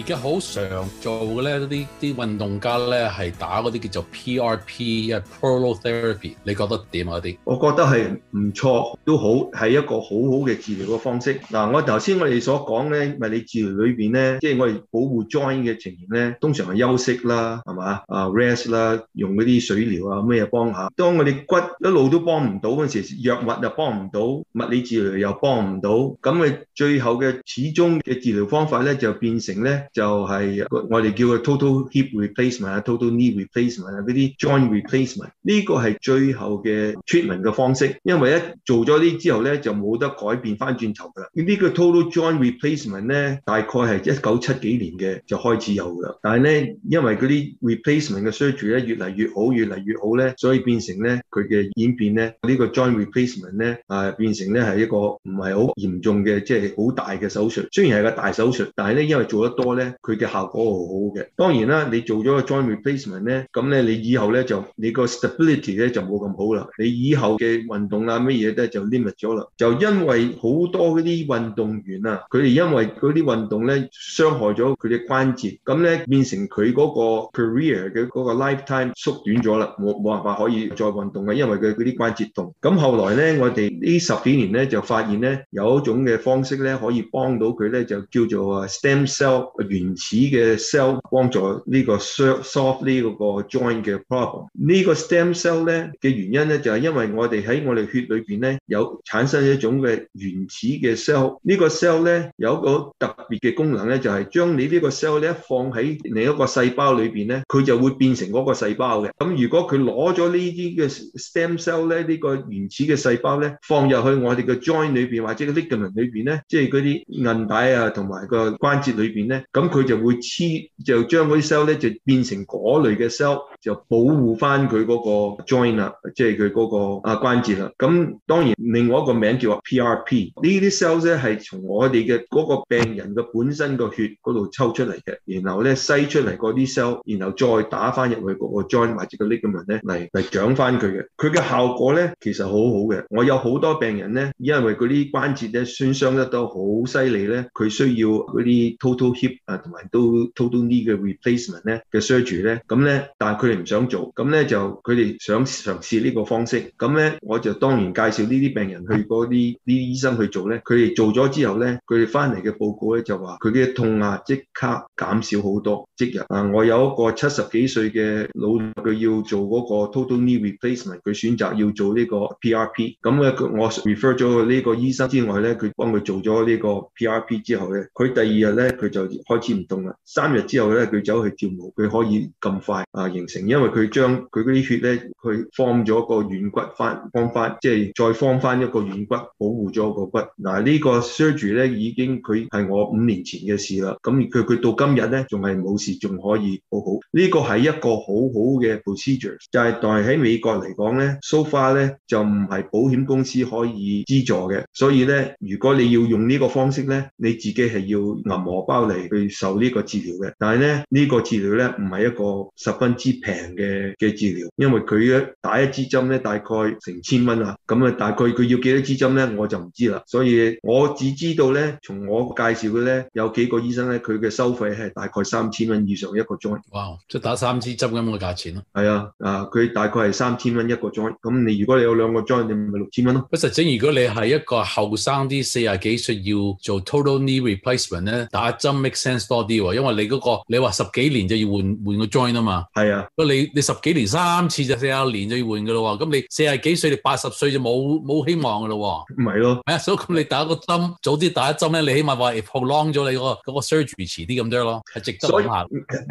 而家好常做嘅咧，啲啲運動家咧係打嗰啲叫做 PRP prolotherapy，你覺得點啊？啲我覺得係唔錯，都好係一個好好嘅治療個方式。嗱、啊，我頭先我哋所講咧物理治療裏面咧，即係我哋保護 join 嘅情形咧，通常係休息啦，係嘛啊 rest 啦，用嗰啲水療啊咩嘢幫下。當我哋骨一路都幫唔到嗰陣時，藥物又幫唔到，物理治療又幫唔到，咁咪最後嘅始終嘅治療方法咧就變成咧。就係我哋叫佢 total hip replacement 啊、total knee replacement 啊嗰啲 joint replacement，呢個係最後嘅 treatment 嘅方式。因為一做咗啲之後咧，就冇得改變翻轉頭噶啦。呢個 total joint replacement 咧，大概係一九七幾年嘅就開始有啦。但係咧，因為嗰啲 replacement 嘅 surgery 咧越嚟越好，越嚟越好咧，所以變成咧佢嘅演變咧，呢個 joint replacement 咧誒變成咧係一個唔係好嚴重嘅，即係好大嘅手術。雖然係個大手術，但係咧因為做得多咧。佢嘅效果好好嘅，當然啦，你做咗個 joint replacement 咧，咁咧你以後咧就你個 stability 咧就冇咁好啦，你以後嘅運動啊乜嘢咧就 limit 咗啦。就因為好多嗰啲運動員啊，佢哋因為嗰啲運動咧傷害咗佢嘅關節，咁咧變成佢嗰個 career 嘅嗰個 lifetime 縮短咗啦，冇冇辦法可以再運動啦，因為佢嗰啲關節痛。咁後來咧，我哋呢十幾年咧就發現咧有一種嘅方式咧可以幫到佢咧，就叫做啊 stem cell。原始嘅 cell 幫助呢個 solve 呢個個 joint 嘅 problem。呢個 stem cell 咧嘅原因咧就係因為我哋喺我哋血裏邊咧有產生一種嘅原始嘅 cell。呢個 cell 咧有一個特別嘅功能咧，就係將你呢個 cell 咧放喺另一個細胞裏邊咧，佢就會變成嗰個細胞嘅。咁如果佢攞咗呢啲嘅 stem cell 咧，呢個原始嘅細胞咧放入去我哋嘅 joint 裏邊或者個 ligament 裏邊咧，即係嗰啲韌帶啊同埋個關節裏邊咧，咁佢就會黐，就將嗰啲 cell 咧就變成嗰類嘅 cell，就保護翻佢嗰個 joint 啦，即係佢嗰個啊關節啦。咁當然另外一個名叫做 PRP，呢啲 cell 咧係從我哋嘅嗰個病人嘅本身個血嗰度抽出嚟嘅，然後咧篩出嚟嗰啲 cell，然後再打翻入去嗰個 joint 或者個 ligament 咧嚟嚟長翻佢嘅。佢嘅效果咧其實好好嘅。我有好多病人咧，因為嗰啲關節咧損傷，傷得都好犀利咧，佢需要嗰啲 total hip。同埋都 total knee replacement 咧嘅 surgery 咧，咁咧，但係佢哋唔想做，咁咧就佢哋想嘗試呢個方式，咁咧我就當然介紹呢啲病人去嗰啲呢啲醫生去做咧，佢哋做咗之後咧，佢哋翻嚟嘅報告咧就話佢嘅痛啊即刻減少好多，即日啊，我有一個七十幾歲嘅老，佢要做嗰個 total knee replacement，佢選擇要做呢個 PRP，咁佢我 refer 咗佢呢個醫生之外咧，佢幫佢做咗呢個 PRP 之後咧，佢第二日咧佢就開。止唔動啦！三日之後咧，佢走去跳舞，佢可以咁快啊形成，因為佢將佢嗰啲血咧，佢放咗個軟骨翻 form 翻即係再放 o 翻一個軟骨，了了一個軟骨保護咗個骨嗱。呢個呢個 surgery 咧已經佢係我五年前嘅事啦。咁佢佢到今日咧仲係冇事，仲可以好好呢個係一個很好好嘅 procedure 就、so。就係但係喺美國嚟講咧，so far 咧就唔係保險公司可以資助嘅，所以咧如果你要用呢個方式咧，你自己係要銀荷包嚟。受呢個治療嘅，但係咧呢、這個治療咧唔係一個十分之平嘅嘅治療，因為佢打一支針咧大概成千蚊啊，咁啊大概佢要幾多支針咧我就唔知啦，所以我只知道咧，從我介紹嘅咧有幾個醫生咧，佢嘅收費係大概三千蚊以上一個 joint。哇！即打三支針咁嘅價錢咯，啊？係啊，啊佢大概係三千蚊一個 joint，咁你如果你有兩個 joint，你咪六千蚊咯，啊。不實證，如果你係一個後生啲四十幾歲要做 total knee replacement 咧，打針 make sense。多啲因為你嗰、那個，你話十幾年就要換換個 join 啊嘛，係是啊，不過你你十幾年三次就四十年就要換噶咯喎，咁你四十幾歲，你八十歲就冇冇希望噶咯喎，唔係咯，係啊，所以咁你打個針，早啲打一針咧，你起碼話 prolong 咗你嗰、那個 surgery 遲啲咁多咯，係值得，所以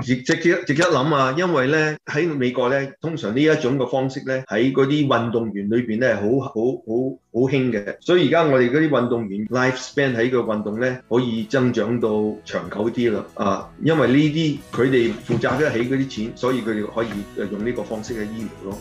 直直接直接諗啊，因為咧喺美國咧，通常呢一種嘅方式咧，喺嗰啲運動員裏邊咧，好好好。好輕嘅，所以而家我哋嗰啲運動員 lifespan 喺個運動呢可以增長到長久啲啦，啊，因為呢啲佢哋負責得起嗰啲錢，所以佢哋可以用呢個方式去醫療咯。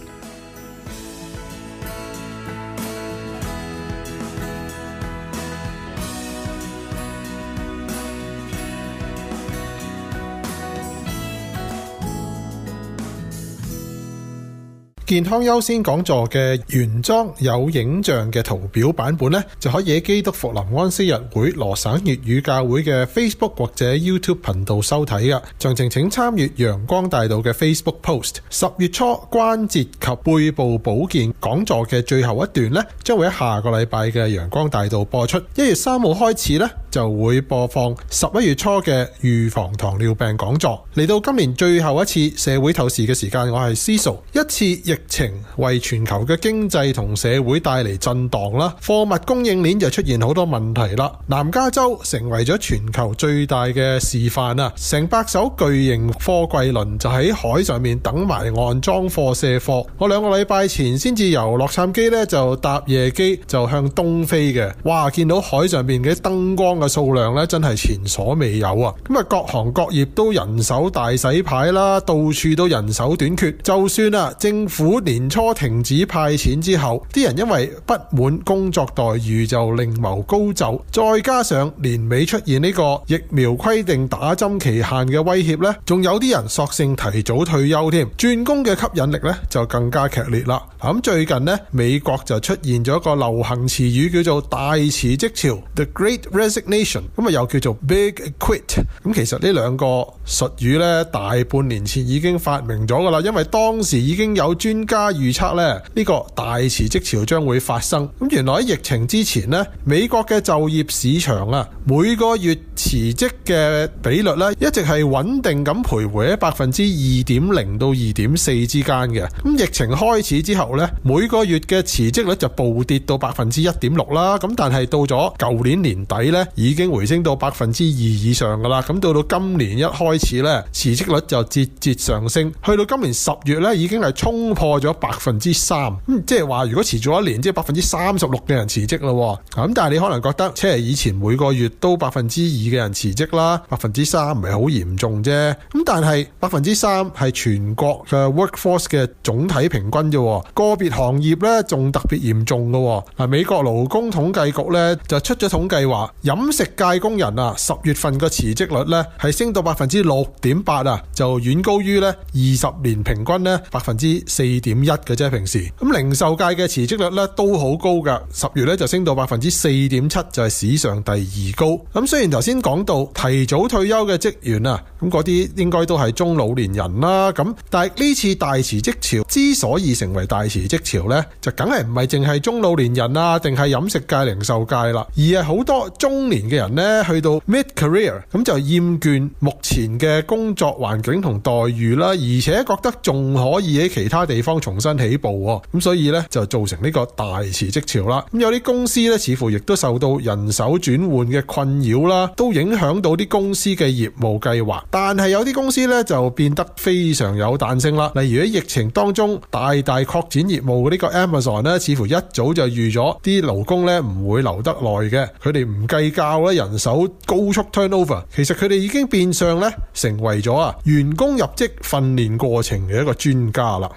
健康優先講座嘅原裝有影像嘅圖表版本呢，就可以喺基督復臨安息日會羅省粵語教會嘅 Facebook 或者 YouTube 頻道收睇嘅。詳情請參閱陽光大道嘅 Facebook post。十月初關節及背部保健講座嘅最後一段呢，將會喺下個禮拜嘅陽光大道播出。一月三號開始呢，就會播放十一月初嘅預防糖尿病講座。嚟到今年最後一次社會透視嘅時間，我係 c i s 一次亦。疫情為全球嘅經濟同社會帶嚟震盪啦，貨物供應鏈就出現好多問題啦。南加州成為咗全球最大嘅示範啊！成百艘巨型貨櫃輪就喺海上面等埋岸裝貨卸貨。我兩個禮拜前先至由洛杉磯呢就搭夜機就向東飛嘅，哇！見到海上面嘅燈光嘅數量呢，真係前所未有啊！咁啊，各行各業都人手大洗牌啦，到處都人手短缺，就算啊政府。本年初停止派錢之後，啲人因為不滿工作待遇就另謀高就，再加上年尾出現呢個疫苗規定打針期限嘅威脅呢，仲有啲人索性提早退休添，轉工嘅吸引力呢，就更加強烈啦。咁最近呢，美國就出現咗個流行詞語叫做大辭職潮 （The Great Resignation），咁啊又叫做 Big Quit。咁其實呢兩個術語呢，大半年前已經發明咗噶啦，因為當時已經有專專家預測咧，呢個大辭職潮將會發生。咁原來喺疫情之前呢，美國嘅就業市場啊，每個月辭職嘅比率咧，一直係穩定咁徘徊喺百分之二點零到二點四之間嘅。咁疫情開始之後呢，每個月嘅辭職率就暴跌到百分之一點六啦。咁但係到咗舊年年底呢，已經回升到百分之二以上噶啦。咁到到今年一開始呢，辭職率就節節上升，去到今年十月呢，已經係衝破。過咗百分之三，即係話如果持續一年，即係百分之三十六嘅人辭職咯。咁但係你可能覺得，即係以前每個月都百分之二嘅人辭職啦，百分之三唔係好嚴重啫。咁但係百分之三係全國嘅 workforce 嘅總體平均啫。個別行業咧仲特別嚴重噶。嗱，美國勞工統計局咧就出咗統計話，飲食界工人啊，十月份嘅辭職率咧係升到百分之六點八啊，就遠高於咧二十年平均咧百分之四點一嘅啫，平時咁零售界嘅辭職率咧都好高噶，十月咧就升到百分之四點七，就係史上第二高。咁雖然頭先講到提早退休嘅職員啊，咁嗰啲應該都係中老年人啦。咁但係呢次大辭職潮之所以成為大辭職潮呢，就梗係唔係淨係中老年人啊，定係飲食界、零售界啦，而係好多中年嘅人呢，去到 mid career，咁就厭倦目前嘅工作環境同待遇啦，而且覺得仲可以喺其他地。地方重新起步咁，所以咧就造成呢個大辭職潮啦。咁有啲公司咧，似乎亦都受到人手轉換嘅困擾啦，都影響到啲公司嘅業務計劃。但係有啲公司咧就變得非常有彈性啦。例如喺疫情當中大大擴展業務嘅呢個 Amazon 咧，似乎一早就預咗啲勞工咧唔會留得耐嘅，佢哋唔計較咧，人手高速 turnover。其實佢哋已經變相咧成為咗啊員工入職訓練過程嘅一個專家啦。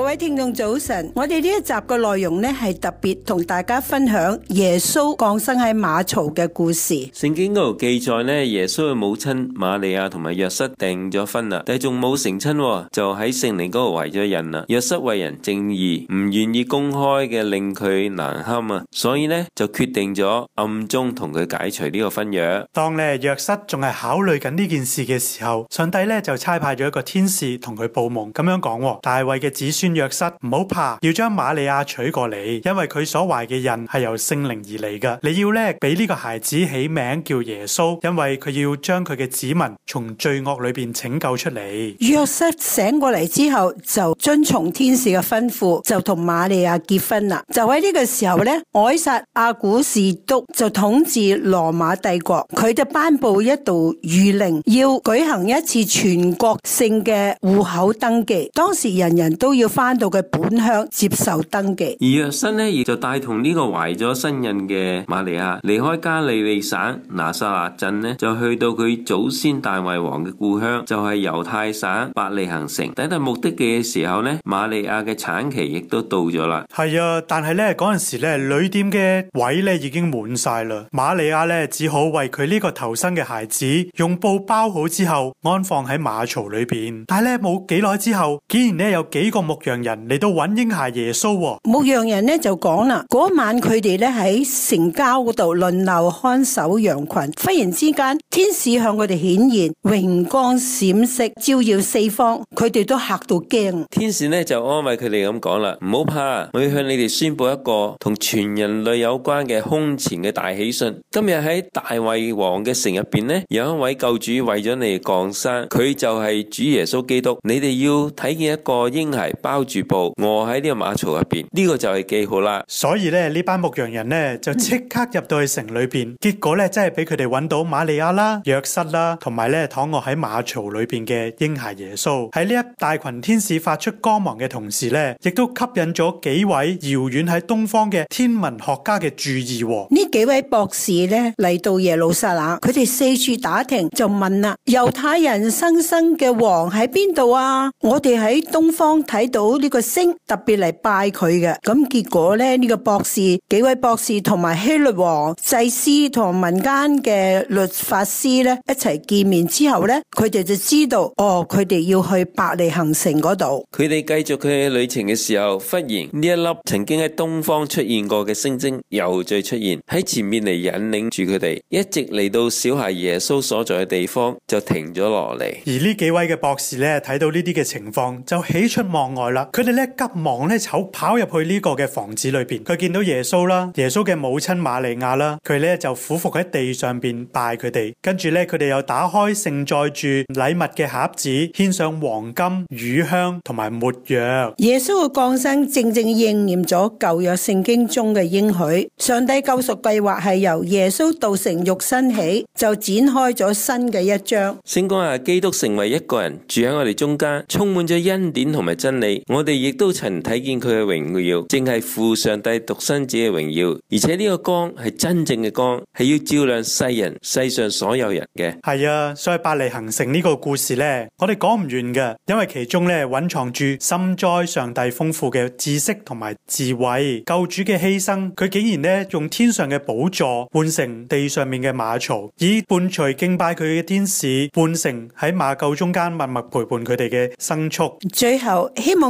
各位聽眾早晨，我哋呢一集嘅內容呢，係特別同大家分享耶穌降生喺馬槽嘅故事。聖經嗰度記載呢，耶穌嘅母親瑪利亞同埋約瑟訂咗婚啦，但仲冇成親，就喺聖靈嗰度為咗人啦。約瑟為人正義，唔願意公開嘅令佢難堪啊，所以呢就決定咗暗中同佢解除呢個婚約。當你係約瑟仲係考慮緊呢件事嘅時候，上帝咧就差派咗一個天使同佢報夢，咁樣講，大衛嘅子孫。約瑟唔好怕，要將瑪利亞娶過嚟，因為佢所懷嘅人係由聖靈而嚟嘅。你要咧，俾呢個孩子起名叫耶穌，因為佢要將佢嘅子民從罪惡裏邊拯救出嚟。約瑟醒過嚟之後，就遵從天使嘅吩咐，就同瑪利亞結婚啦。就喺呢個時候呢，凱撒阿古士督就統治羅馬帝國，佢就頒布一道御令，要舉行一次全國性嘅戶口登記，當時人人都要翻到嘅本鄉接受登記，而約瑟呢，亦就帶同呢個懷咗身孕嘅瑪利亞離開加利利省拿撒勒鎮呢，就去到佢祖先大衛王嘅故鄉，就係、是、猶太省伯利恆城。抵達目的嘅時候呢，瑪利亞嘅產期亦都到咗啦。係啊，但係呢，嗰陣時呢，旅店嘅位呢已經滿晒啦。瑪利亞呢，只好為佢呢個投生嘅孩子用布包好之後安放喺馬槽裏邊。但係呢，冇幾耐之後，竟然呢有幾個目。牧羊人嚟到揾嬰孩耶穌，牧羊人呢就講啦，嗰晚佢哋呢喺城郊嗰度輪流看守羊群，忽然之間天使向佢哋顯現，榮光閃爍照耀四方，佢哋都嚇到驚。天使呢就安慰佢哋咁講啦，唔好怕，我要向你哋宣布一個同全人類有關嘅空前嘅大喜訊。今日喺大衛王嘅城入邊呢，有一位救主為咗你哋降生，佢就係主耶穌基督。你哋要睇見一個嬰孩。包住布，臥喺呢個馬槽入邊，呢個就係記號啦。所以咧，呢班牧羊人呢，就即刻入到去城裏邊，結果咧真係俾佢哋揾到瑪利亞啦、約瑟啦，同埋咧躺臥喺馬槽裏邊嘅嬰孩耶穌。喺呢一大群天使發出光芒嘅同時咧，亦都吸引咗幾位遙遠喺東方嘅天文學家嘅注意、哦。呢幾位博士咧嚟到耶路撒冷，佢哋四處打聽，就問啦：猶太人新生嘅王喺邊度啊？我哋喺東方睇到。到呢個星特別嚟拜佢嘅咁結果咧呢、這個博士，幾位博士同埋希律王、祭司、同民間嘅律法師咧一齊見面之後咧，佢哋就知道哦，佢哋要去伯利恆城嗰度。佢哋繼續佢旅程嘅時候，忽然呢一粒曾經喺東方出現過嘅星星又再出現喺前面嚟引領住佢哋，一直嚟到小孩耶穌所在嘅地方就停咗落嚟。而呢幾位嘅博士咧睇到呢啲嘅情況，就喜出望外。佢哋咧急忙咧跑入去呢個嘅房子裏邊，佢見到耶穌啦，耶穌嘅母親瑪利亞啦，佢咧就俯伏喺地上邊拜佢哋，跟住咧佢哋又打開盛載住禮物嘅盒子，獻上黃金、乳香同埋沒藥。耶穌嘅降生正正應驗咗舊約聖經中嘅應許，上帝救贖計劃係由耶穌道成肉身起就展開咗新嘅一章。先講下基督成為一個人住喺我哋中間，充滿咗恩典同埋真理。我哋亦都曾睇見佢嘅榮耀，正係父上帝獨生子嘅榮耀，而且呢個光係真正嘅光，係要照亮世人、世上所有人嘅。係啊，所以伯利恆城呢個故事咧，我哋講唔完嘅，因為其中咧蘊藏住深哉上帝豐富嘅知識同埋智慧，救主嘅犧牲，佢竟然咧用天上嘅寶座換成地上面嘅馬槽，以伴隨敬拜佢嘅天使換成喺馬廄中間默默陪伴佢哋嘅牲畜。最後希望。